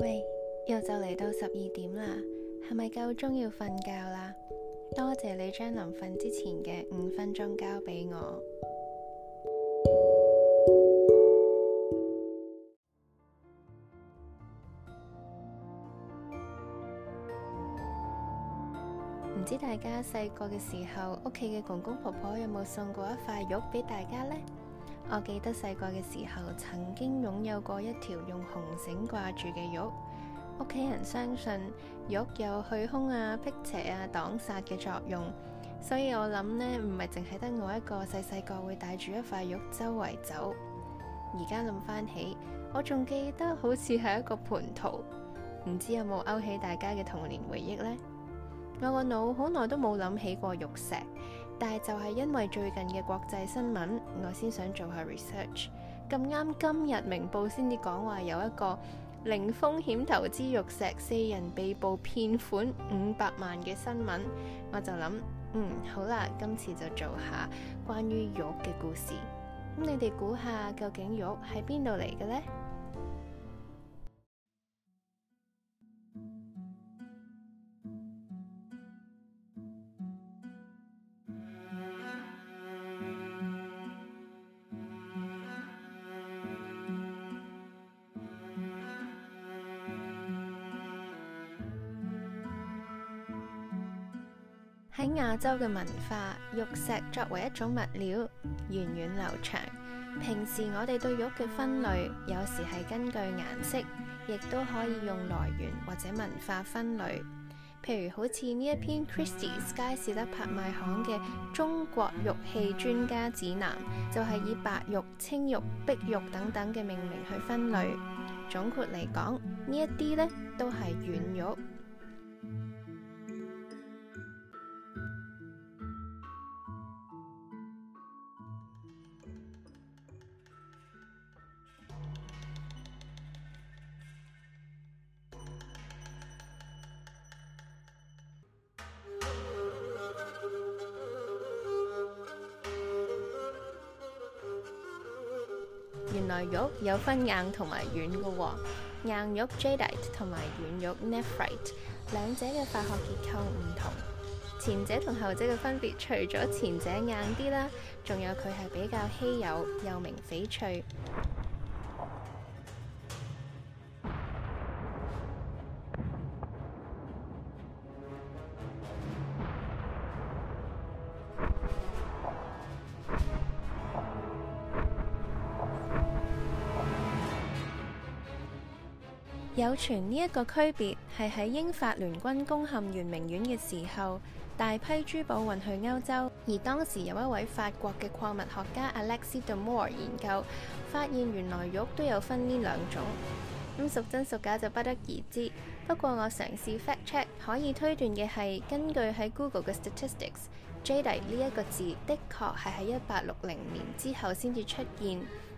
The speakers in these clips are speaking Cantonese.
喂，又就嚟到十二點啦，係咪夠鐘要瞓覺啦？多謝你將臨瞓之前嘅五分鐘交俾我。唔 知大家細個嘅時候，屋企嘅公公婆婆有冇送過一塊玉俾大家呢？我記得細個嘅時候，曾經擁有過一條用紅繩掛住嘅玉。屋企人相信，玉有去凶啊、辟邪啊、擋煞嘅作用，所以我諗呢，唔係淨係得我一個細細個會帶住一塊玉周圍走。而家諗翻起，我仲記得好似係一個蟠桃，唔知有冇勾起大家嘅童年回憶呢？我個腦好耐都冇諗起過玉石，但係就係因為最近嘅國際新聞，我先想做下 research。咁啱今日明報先至講話有一個零風險投資玉石四人被捕騙款五百萬嘅新聞，我就諗，嗯，好啦，今次就做下關於玉嘅故事。咁你哋估下究竟玉喺邊度嚟嘅呢？喺亞洲嘅文化，玉石作為一種物料源遠流長。平時我哋對玉嘅分類，有時係根據顏色，亦都可以用來源或者文化分類。譬如好似呢一篇 Christie’s 佳士得拍賣行嘅《中國玉器專家指南》，就係以白玉、青玉、碧玉等等嘅命名去分類。總括嚟講，呢一啲呢都係軟玉。原來玉有分硬同埋軟嘅喎、喔，硬玉 jadeite 同埋軟玉 nephrite，兩者嘅化學結構唔同。前者同後者嘅分別，除咗前者硬啲啦，仲有佢係比較稀有，又名翡翠。全呢一個區別係喺英法聯軍攻陷圓明園嘅時候，大批珠寶運去歐洲，而當時有一位法國嘅礦物學家 Alexis Damour 研究，發現原來玉都有分呢兩種，咁、嗯、孰真孰假就不得而知。不過我嘗試 fact check，可以推斷嘅係，根據喺 Google 嘅 statistics，jade 呢一個字的確係喺一八六零年之後先至出現。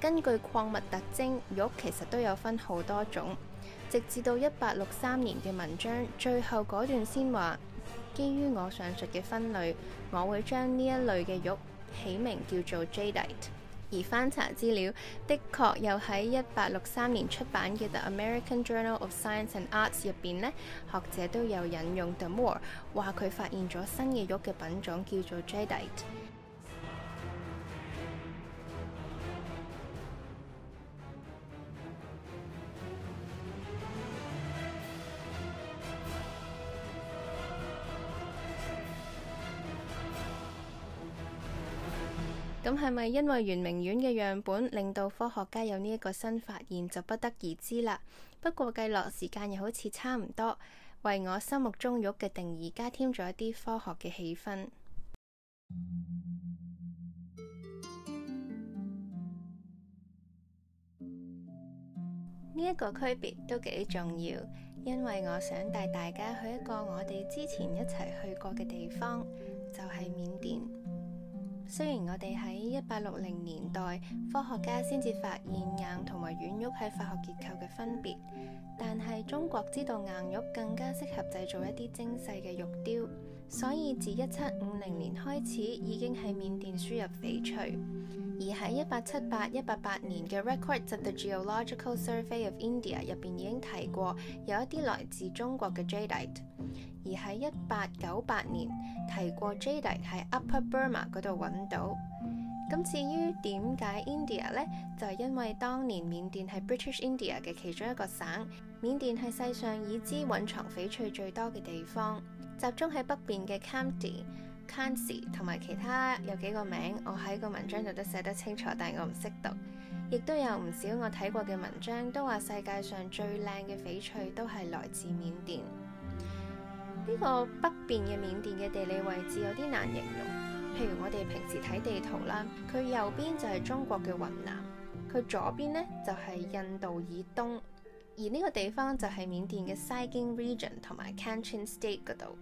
根據礦物特徵，玉其實都有分好多種。直至到一八六三年嘅文章，最後嗰段先話：基於我上述嘅分類，我會將呢一類嘅玉起名叫做 jadeite 而翻查資料，的確又喺一八六三年出版嘅《The American Journal of Science and Arts》入邊呢，學者都有引用 De Moor 話佢發現咗新嘅玉嘅品種叫做 jadeite。咁係咪因為圓明園嘅樣本令到科學家有呢一個新發現就不得而知啦？不過計落時間又好似差唔多，為我心目中玉嘅定義加添咗一啲科學嘅氣氛。呢一 個區別都幾重要，因為我想帶大家去一個我哋之前一齊去過嘅地方，就係緬甸。雖然我哋喺一八六零年代科學家先至發現硬同埋軟玉喺化學結構嘅分別，但係中國知道硬玉更加適合製造一啲精細嘅玉雕，所以自一七五零年開始已經喺緬甸輸入翡翠。而喺一八七八、一八八年嘅 Records of the Geological Survey of India 入邊已經提過，有一啲來自中國嘅 Jadeite。而喺一八九八年提過 Jade 喺 Upper Burma 嗰度揾到。咁至於點解 India 呢？就係因為當年緬甸係 British India 嘅其中一個省。緬甸係世上已知蘊藏翡翠最多嘅地方，集中喺北邊嘅 Kamti、Kamsi 同埋其他有幾個名，我喺個文章度都寫得清楚，但係我唔識讀。亦都有唔少我睇過嘅文章都話，世界上最靚嘅翡翠都係來自緬甸。呢個北邊嘅緬甸嘅地理位置有啲難形容，譬如我哋平時睇地圖啦，佢右邊就係中國嘅雲南，佢左邊呢就係、是、印度以東，而呢個地方就係緬甸嘅 Sagaing Region 同埋 Kachin State 嗰度。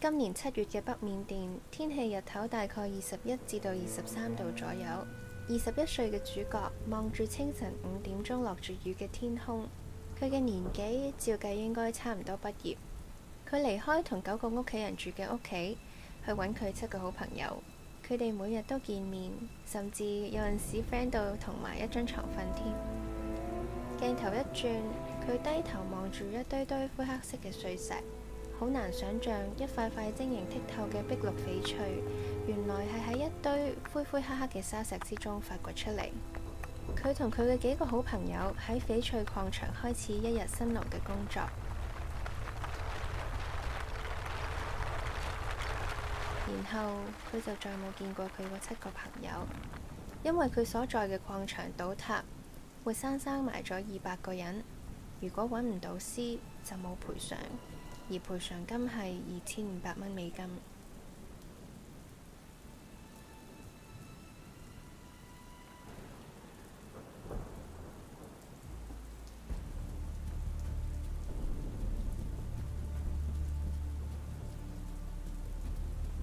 今年七月嘅北緬甸天氣日頭大概二十一至到二十三度左右。二十一歲嘅主角望住清晨五點鐘落住雨嘅天空，佢嘅年紀照計應該差唔多畢業。佢離開同九個屋企人住嘅屋企，去搵佢七個好朋友。佢哋每日都見面，甚至有陣時 friend 到同埋一張床瞓添。鏡頭一轉，佢低頭望住一堆堆灰黑色嘅碎石。好難想象，一塊塊晶瑩剔透嘅碧綠翡翠，原來係喺一堆灰灰黑黑嘅沙石之中發掘出嚟。佢同佢嘅幾個好朋友喺翡翠礦場開始一日辛勞嘅工作，然後佢就再冇見過佢嗰七個朋友，因為佢所在嘅礦場倒塌，活生生埋咗二百個人。如果揾唔到屍，就冇賠償。而賠償金係二千五百蚊美金。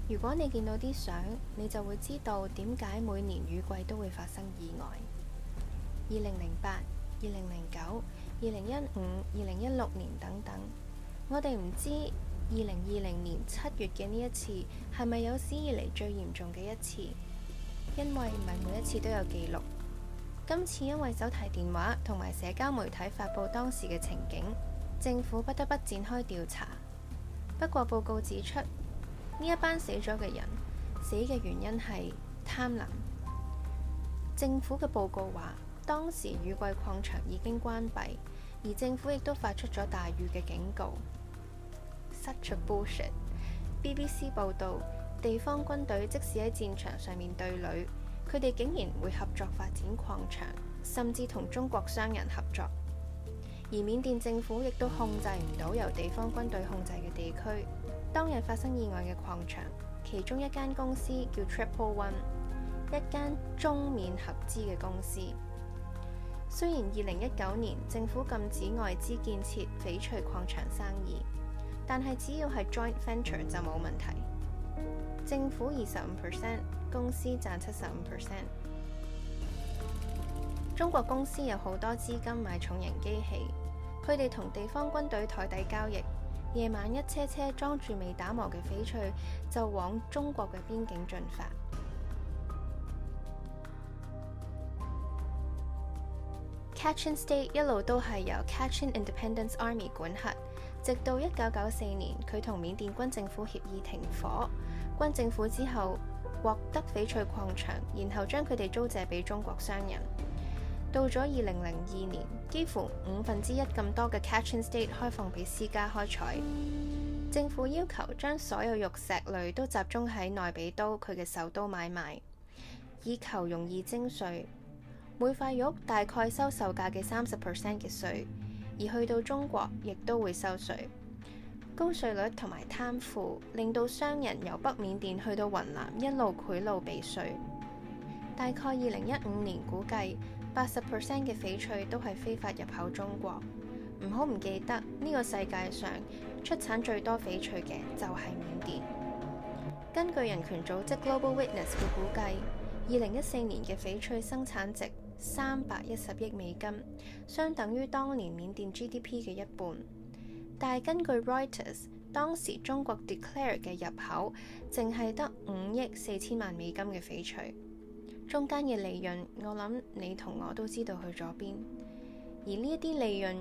如果你見到啲相，你就會知道點解每年雨季都會發生意外。二零零八、二零零九、二零一五、二零一六年等等。我哋唔知二零二零年七月嘅呢一次，係咪有史以嚟最嚴重嘅一次？因為唔係每一次都有記錄。今次因為手提電話同埋社交媒體發佈當時嘅情景，政府不得不展開調查。不過報告指出，呢一班死咗嘅人死嘅原因係貪婪。政府嘅報告話，當時雨季礦場已經關閉，而政府亦都發出咗大雨嘅警告。BBC 報道，地方軍隊即使喺戰場上面對壘，佢哋竟然會合作發展礦場，甚至同中國商人合作。而緬甸政府亦都控制唔到由地方軍隊控制嘅地區。當日發生意外嘅礦場，其中一間公司叫 Triple One，一間中緬合資嘅公司。雖然二零一九年政府禁止外資建設翡翠礦場生意。但係只要係 joint venture 就冇問題，政府二十五 percent，公司賺七十五 percent。中國公司有好多資金買重型機器，佢哋同地方軍隊枱底交易，夜晚一車車裝住未打磨嘅翡翠，就往中國嘅邊境進發。Kachin State 一路都係由 Kachin Independence Army 管轄。直到一九九四年，佢同緬甸軍政府協議停火。軍政府之後獲得翡翠礦場，然後將佢哋租借俾中國商人。到咗二零零二年，幾乎五分之一咁多嘅 Kachin State 開放俾私家開採。政府要求將所有玉石類都集中喺內比都，佢嘅首都買賣，以求容易徵稅。每塊玉大概收售價嘅三十 percent 嘅稅。而去到中國，亦都會收稅。高稅率同埋貪腐，令到商人由北緬甸去到雲南，一路賄賂避稅。大概二零一五年估計，八十 percent 嘅翡翠都係非法入口中國。唔好唔記得呢個世界上出產最多翡翠嘅就係緬甸。根據人權組織 Global Witness 嘅估計，二零一四年嘅翡翠生產值，三百一十億美金，相等於當年緬甸 GDP 嘅一半。但係根據 Reuters，當時中國 declare 嘅入口淨係得五億四千萬美金嘅翡翠，中間嘅利潤我諗你同我都知道去咗邊。而呢一啲利潤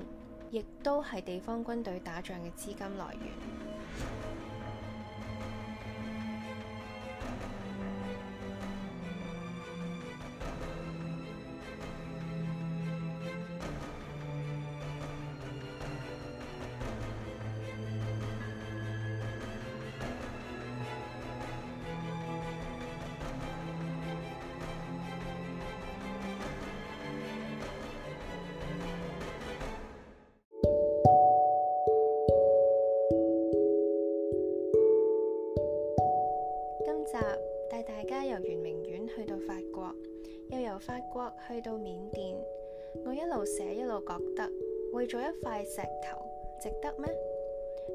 亦都係地方軍隊打仗嘅資金來源。今集帶大家由圓明園去到法國，又由法國去到緬甸。我一路寫一路覺得，為咗一塊石頭，值得咩？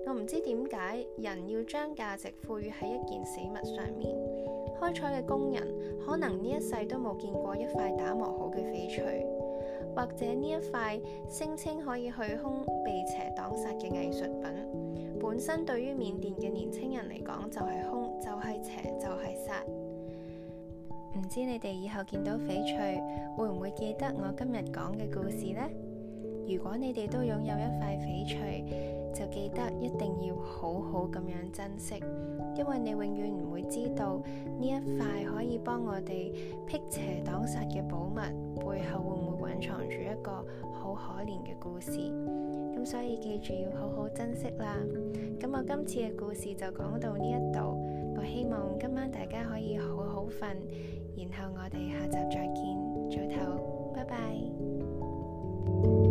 我唔知點解，人要將價值賦予喺一件死物上面。開採嘅工人可能呢一世都冇見過一塊打磨好嘅翡翠。或者呢一塊聲稱可以去凶避邪、擋煞嘅藝術品，本身對於緬甸嘅年青人嚟講就係凶，就係邪，就係煞。唔知你哋以後見到翡翠，會唔會記得我今日講嘅故事呢？如果你哋都擁有一塊翡翠，就記得一定要好好咁樣珍惜，因為你永遠唔會知道呢一塊可以幫我哋辟邪擋煞嘅寶物背後會唔會隱藏住一個好可憐嘅故事。咁所以記住要好好珍惜啦。咁我今次嘅故事就講到呢一度，我希望今晚大家可以好好瞓，然後我哋下集再見。早唞，拜拜。